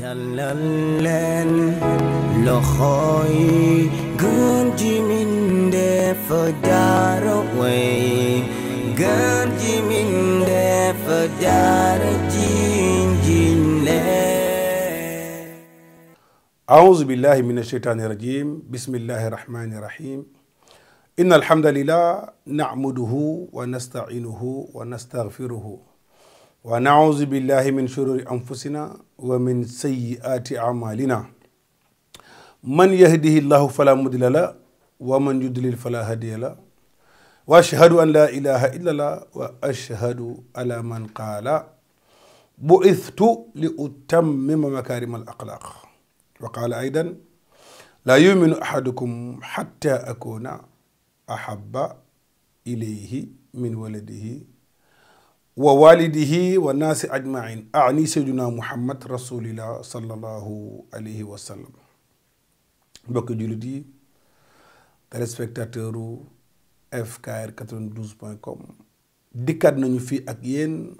tàllal leen loxo yi gën ji mindeef jaara way gën ji mindeef jaara jinjin leen aouzu billahi min asheytaani irajim bismillahi irrahmani irrahim inna alhamdulillah nacmuduhu wa nastacinuhu wa nastaghfiruhu wa naudu billahi min shururi anfusina wa min sayyiati amalina man yahdihi llahu fala mudilla la wa man yudlil fala hadiya la wa ashhadu an la ilaha illa llah wa ashhadu ala man qaala bu'ithtu li utammima makarim al axlaq wa qaala aydan laa yuminu ahadukum hatta akuna ahabba ilayhi min waladihi wa walidihi wa naasi ajmain ani sayyiduna muhammad rasulillah sallallahu alayhi wa sallam mbokki jullit yi téléspectateur u fkr 92 point nañu fi ak yéen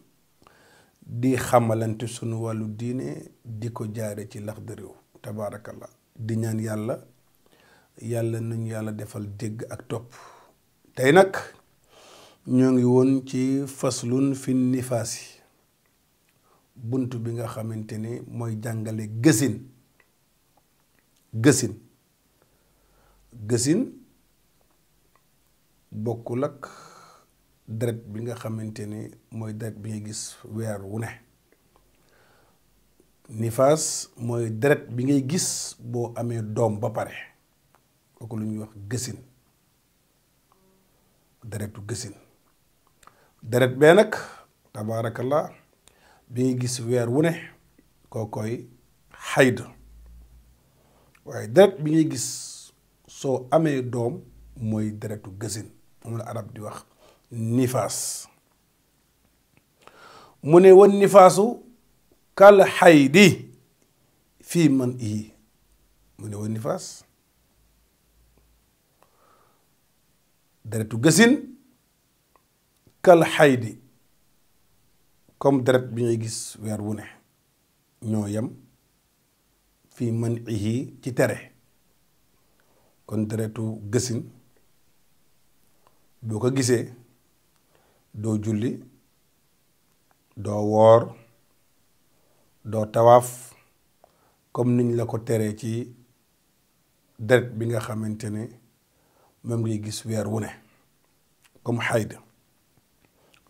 di xamalante sunu wàllu diine di ko jaare ci Laxdariyu tabaarakallah di ñaan yàlla yàlla nañu yàlla defal dégg ak topp tey nag ñoo ngi woon ci faslun fi nifaasi bunt bi nga xamante ni mooy jàngale gësin gësin gësin bokkul ak deret bi nga xamante ni mooy deret bi ngay gis weer wu ne nifaas mooy deret bi ngay gis boo amee doom ba pare kooku lu ñuy wax gësin deretu gësin deret bee nag tabaarakallah bi nga gis weer wu ne koo koy xayd waaye deret bi ngay gis soo amee doom mooy deretu gësin la arab di wax nifaas mu ne wan nifaasu kal xaydi fii man ii mu ne wan nifaas deretu gësin kal xaydi comme deret bi ngay gis weer wu ne ñoo yem fii man ihi ci tere kon deretu gësin boo ko gisee doo julli doo woor doo tawaaf comme niñ la ko teree ci deret bi nga xamante ne moom ngay gis weer wu ne comme xaydi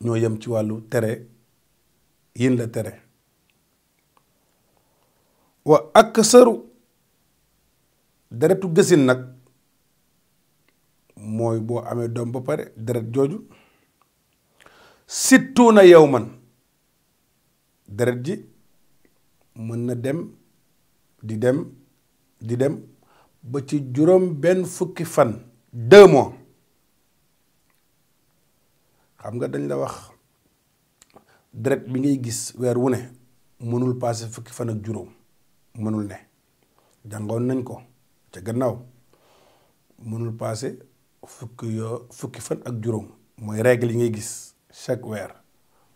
ñoo yem ci wàllu tere yin la tere wa ak sëru deretu gësin nag mooy boo amee doom ba pare deret jooju na yow man deret ji mën na dem di dem di dem ba ci juróom benn fukki fan deux mois xam nga dañ la wax deret bi ngay gis weer wu ne mënul passé fukki fan ak juróom mënul ne jàngoon nañ ko ca gannaaw mënul passé fukki fukki fan ak juróom mooy règle yi ngay gis chaque weer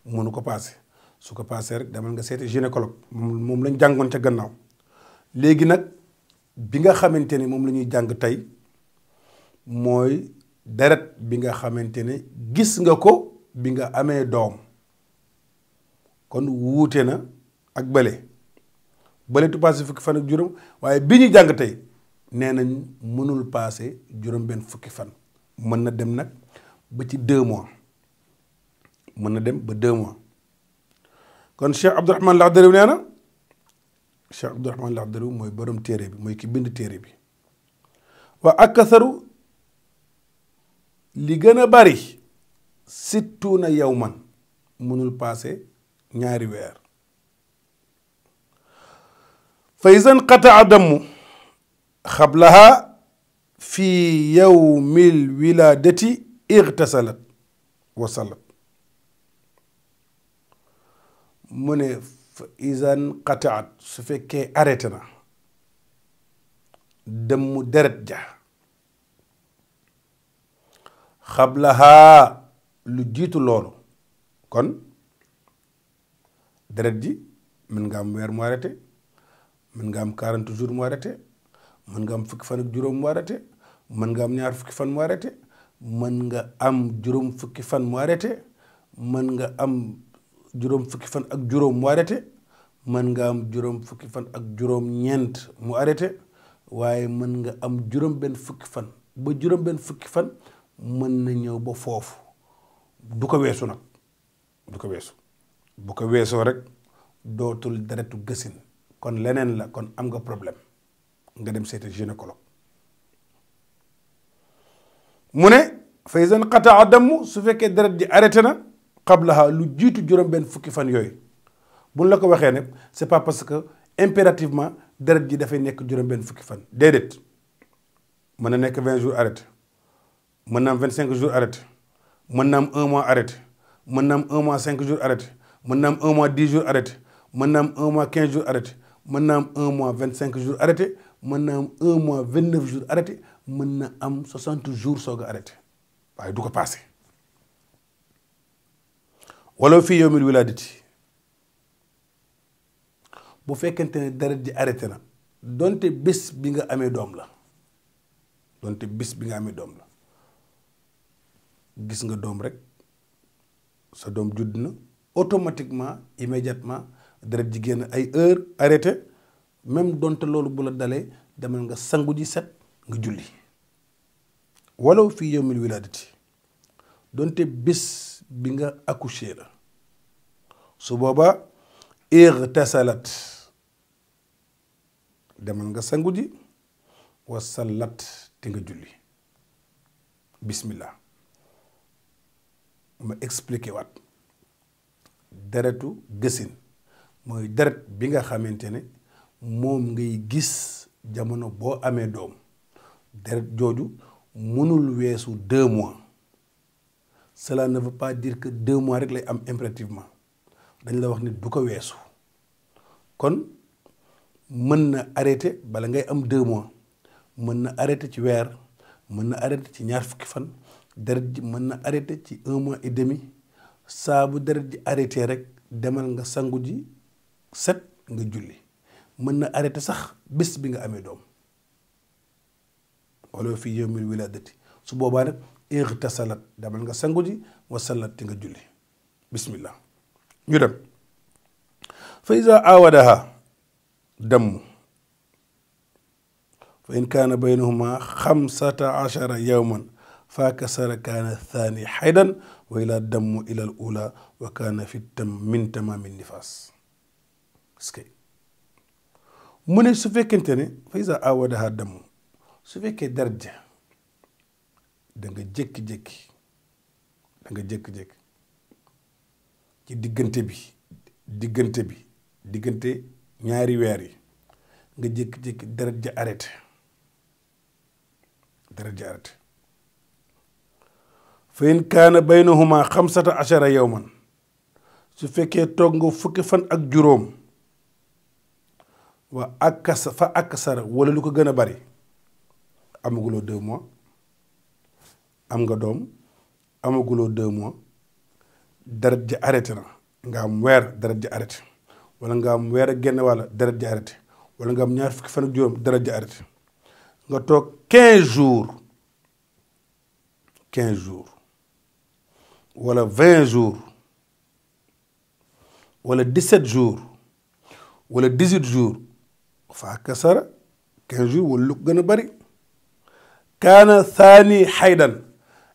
mënu ko passé su ko passé rek demal nga seeti gynécologue moom lañ jàngoon ca gannaaw léegi nag bi nga xamante ni moom la ñuy jàng tey mooy deret bi nga xamante ne gis nga ko bi nga amee doom kon wuute na ak bële bëletu tu passé fukki fan ak juróom waaye bi ñu jàng tey nee nañ mënul passé juróom benn fukki fan mën na dem nag ba ci deux mois mën na dem ba deux mois kon Cheikh Abdourahmane Laxdari nee na Cheikh Abdourahmane Laxdari mooy borom téere bi mooy ki bind téere bi waa akasaru li gën a bari sittuuna yawman mënul passé ñaari weer fa izan qataa damu xablaha fi yawmil wiladati igtasalat wa salat mu ne fa izan su fekkee arrêté demmu dem deret ja xablahaa lu jiitu loolu kon deret ji mën nga am weer mu arrêté mën nga am quarante jours mu arrêté mën nga am fukki fan ak juróom mu arrêté mën nga am ñaar fukki fan mu arrêté mën nga am juróom fukki fan mu mën nga am juróom fukki fan ak juróom mu mën nga am juróom fan ak juróom mu arrêté waaye mën nga am juróom benn fukki fan ba juróom benn fukki fan mën na ñëw ba foofu du ko weesu nag du ko weesu bu ko weesoo rek dootul deretu gësin kon leneen la kon am nga problème nga dem seeti gynécologue mu ne faysan xataa damm su fekkee deret ji arrêté na xablaha lu jiitu juróom benn fukki fan yooyu buñ la ko waxee ne c'est pas parce que impérativement deret ji dafay nekk juróom benn fukki fan déedéet mën na nekk vingt jours arrêté mën na am vingt cinq jours arrêté mën na am un mois arrêté mën na am un mois cinq jours arrêté mën na am un mois dix jours arrêté mën na am un mois quinze jours arrêté mën na am un mois vingt cinq jours arrêté mën na am un mois vingt neuf jours arrêté mën na am soixante jours soog a arrêté waaye du ko passé wala fii yowmil wilaadati bu fekkente ne deret ji arrêté na donte bés bi nga amee doom la donte bés bi nga amee doom la gis nga doom rek sa doom judd na automatiquement immédiatement deret ji ay heure arrêté même donte loolu bu la dalee demal nga sangu ji set nga julli walaw fii yowmil wilaadati donte bis bi nga accouché la su boobaa irtasalat demal nga sangu ji lat te nga julli bismillah ma expliqué waat deretu gësin mooy deret bi nga xamante ne moom ngay gis jamono boo amee doom deret jooju mënul weesu deux mois cela na veut pas dire que deux mois rek lay am impérativement dañ la wax ni du ko weesu kon mën na arrêté bala ngay am deux mois mën na arrêté ci weer mën na arrêté ci ñaar fukki fan deret ji mën na arrêté ci un mois et demi saa bu deret ji arrêté rek demal nga sangu ji set nga julli mën na arrêté sax bés bi nga amee doom wala fi yawmil wiladati su boobaa nag igtasalat demal nga sangu ji wa sallat ti nga julli bismillah ñu dem fa iza awadaha damm fa in kaana baynahuma xamsata achara yawman faakasara kaana thani xaydan wa dammu ila ula wa kaana fi tam min tamaami nifaas mu ne su fekkente ne fa isa awadaha dammu su fekkee darja da nga jékki-jékki da nga ci diggante bi diggante bi diggante ñaari weer yi nga jékki-jékki deret ja arrêté deret fa in kaana baynahuma xamsata achara man su fekkee toog nga fukki fan ak juróom waa akasa fa akasara wala lu ko gën a bari amaguloo deux mois am nga doom amaguloo deux mois deret ji arrêté na nga am weer deret ji arrêté wala nga am weer a genn wàlla deret ji arrêté wala nga am ñaar fukki fan ak juróom deret ji arrêté nga toog quinze jours quinze jours wala vingt jours wala dix sept jours wala dix huit jours faa kasara quinze jours wala lu ko gën a bari kaana saani xaydan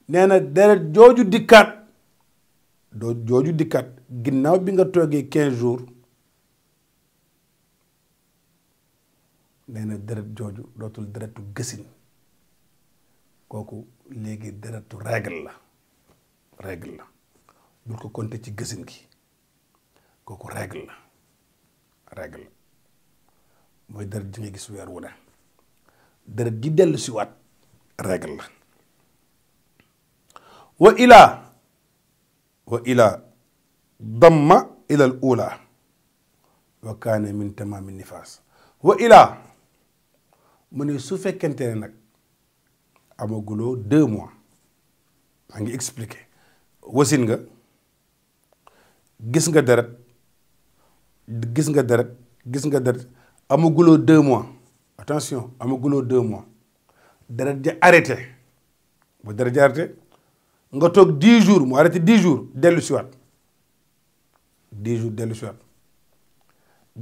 nee na deret jooju dikkat doo jooju dikkaat ginnaaw bi nga toogee quinze jours nee na deret jooju dootul deretu gësin kooku léegi deretu règle la règle la bul ko compter ci gësin gi kooku règle la règle la mooy deret ji nga gis weer wu ne deret ji dellu si waat règle la wa ilaa wa ilaa damma ilal ula wa kaane min tamaami nifaas wa ilaa mu ne su fekkente ne nag amaguloo deux mois maa ngi expliqué wasin nga gis nga deret gis nga deret gis nga deret amaguloo deux mois attention amaguloo deux mois deret ja arrêté ba deret ja arrêté nga toog dix jours mu arrêté dix jours dellu si waat jours dellu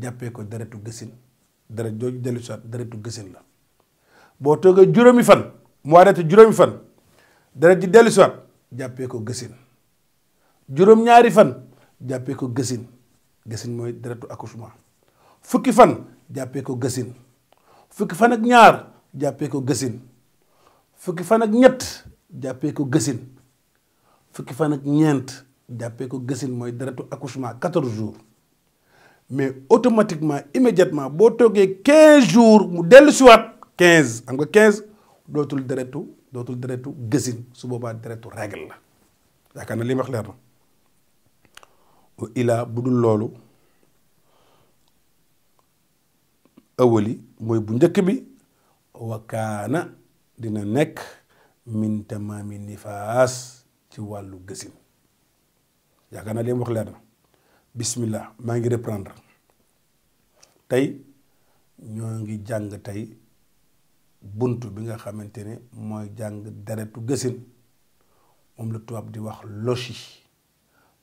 jàppee ko deretu gësin deret jooju dellu si waat deretu gësin la boo toogee juróomi fan mu arrêté juróomi fan deret ji dellu si waat jàppee ko gësin juróom-ñaari fan jàppee ko gësin gësin mooy deretu accouchement fukki fan jàppee ko gësin fukki fan ak ñaar jàppee ko gësin fukki fan ak ñett jàppee ko gësin fukki fan ak ñeent jàppee ko gësin mooy deretu accouchement quatorze jour mais automatiquement immédiatement boo toogee quinze jour mu dellu siwaat quinze xam nga quinze dootul deretu dootul deretu gësin su boobaa deretu règle la yaakaar na li ma wa ilaa bu dul loolu ëwali mooy bu njëkk bi wa dina nekk min tamaami nifaas ci wàllu gësin yaakaar naa li wax leer na bismillah maa ngi reprendre tey ñoo ngi jàng tey bunt bi nga xamante ne mooy jàng deretu gësin moom la tubaab di wax loci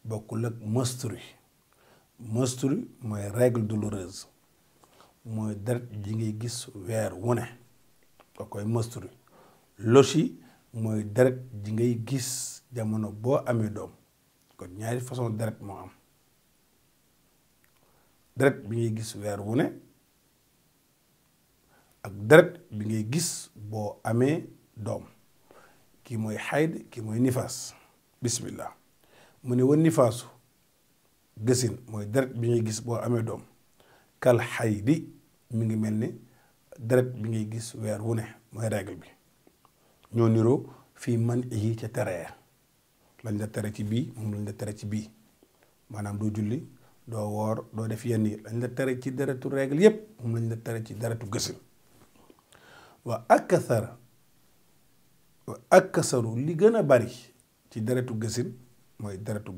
bokkul ak menstru menstru mooy règle douloureuse mooy deret ji ngay gis weer wu ne ba koy menstru lochi mooy deret ji ngay gis jamono boo amee doom kon ñaari façon deret moo am deret bi ngay gis weer wu ak deret bi ngay gis boo amee doom kii mooy xayd kii mooy nifaas bismillah mu ne wan nifaasu gësin mooy deret bi ngay gis boo amee doom kal xay di mi ngi mel ni deret bi ngay gis weer wu ne mooy règle bi ñoo niroo fii man yi ca teree la tere ci bii moom lañ la tere ci bii maanaam doo julli doo doo def yenn yi lañ la tere ci deretu moom lañ la tere ci deretu gësin wa akasara li gën a bari ci deretu gësin mooy deretu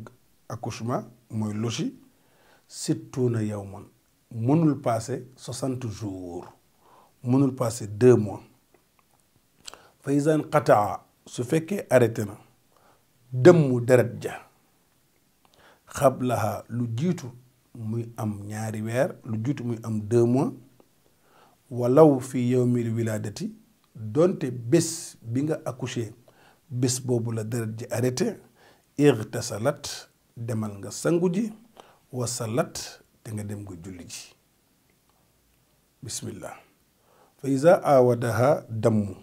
accouchement mooy na sittuuna yawman mënul passé soixante jours mënul passé deux mois fa isaan su fekkee arrêté na dëmmu deret ja xablaha lu jiitu muy am ñaari weer lu jiitu muy am deux mois walaw fi yowmil wilaadati donte bés bi nga accouché bés boobu la deret ji arrêté irtasalat demal nga sangu ji wasalat te nga dem nga julli ji bismillah fa iza awadaha dammu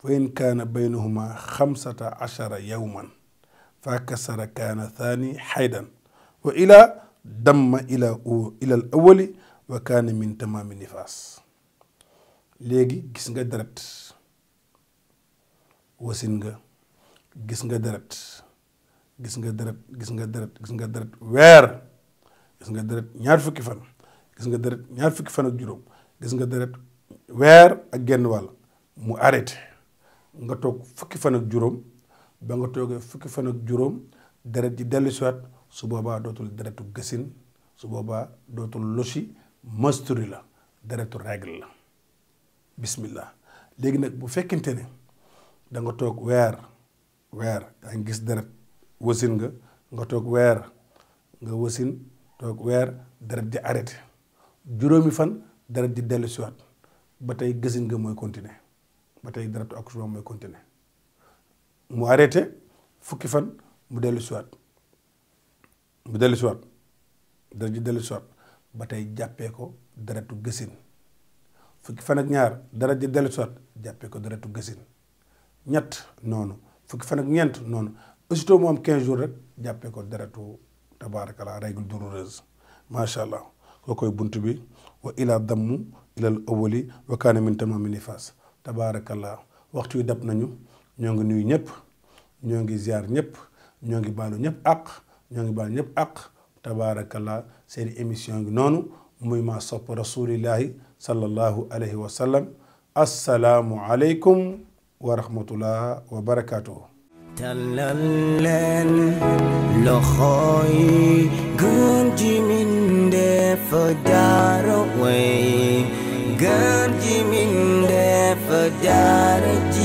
fa in kaana baynahuma xamsata achara yawman fa kasara kaana thani xaydan wa ila damma ila ila al awali wa kaana min tamaami nifaas léegi gis nga deret wasin nga gis nga deret gis nga deret gis nga deret gis nga deret weer gis nga deret ñaar fukki fan gis nga deret ñaar fukki fan ak juróom gis nga deret weer ak genn wàll mu arrêté nga toog fukki fan ak juróom ba nga toogee fukki fan ak juróom deret ji dellu siwaat su boobaa dootul deretu gësin su boobaa dootul losi masturi la deretu règle la bismillah léegi nag bu fekkente ne da nga toog weer weer yaa ngi gis deret wasin nga nga toog weer nga wasin toog weer deret di arrêté juróomi fan deret di dellu ba tey gësin nga mooy continuer ba tey deretu accouchement mooy mu arrêté fukki fan mu dellu mu dellu siwaat deret di dellu ba tey jàppee ko deretu gësin fukki fan ak ñaar deret di dellu siwaat jàppee ko deretu gësin ñett noonu fukki fan ak ñeent noonu aussitôt moom am 15 jours rek jàppee ko deretu tabaarakala règle douloureuse macha allah koo koy bunt bi wa ilaa dammu ilal awali wa kaana min tamaami nifaas waxtu yu dab nañu ñoo ngi nuy ñëpp ñoo ngi ziar ñëpp ñoo ngi baalu ñëpp àq ñoo ngi baalu ñëpp àq tabaarakala seen émission ngi noonu muy ma sopp rasulillahi sallallahu alayhi wa sallam asalaamu aleykum wa tàllal leen loxo yi gën ji mindeef way gën ji mindeef jaara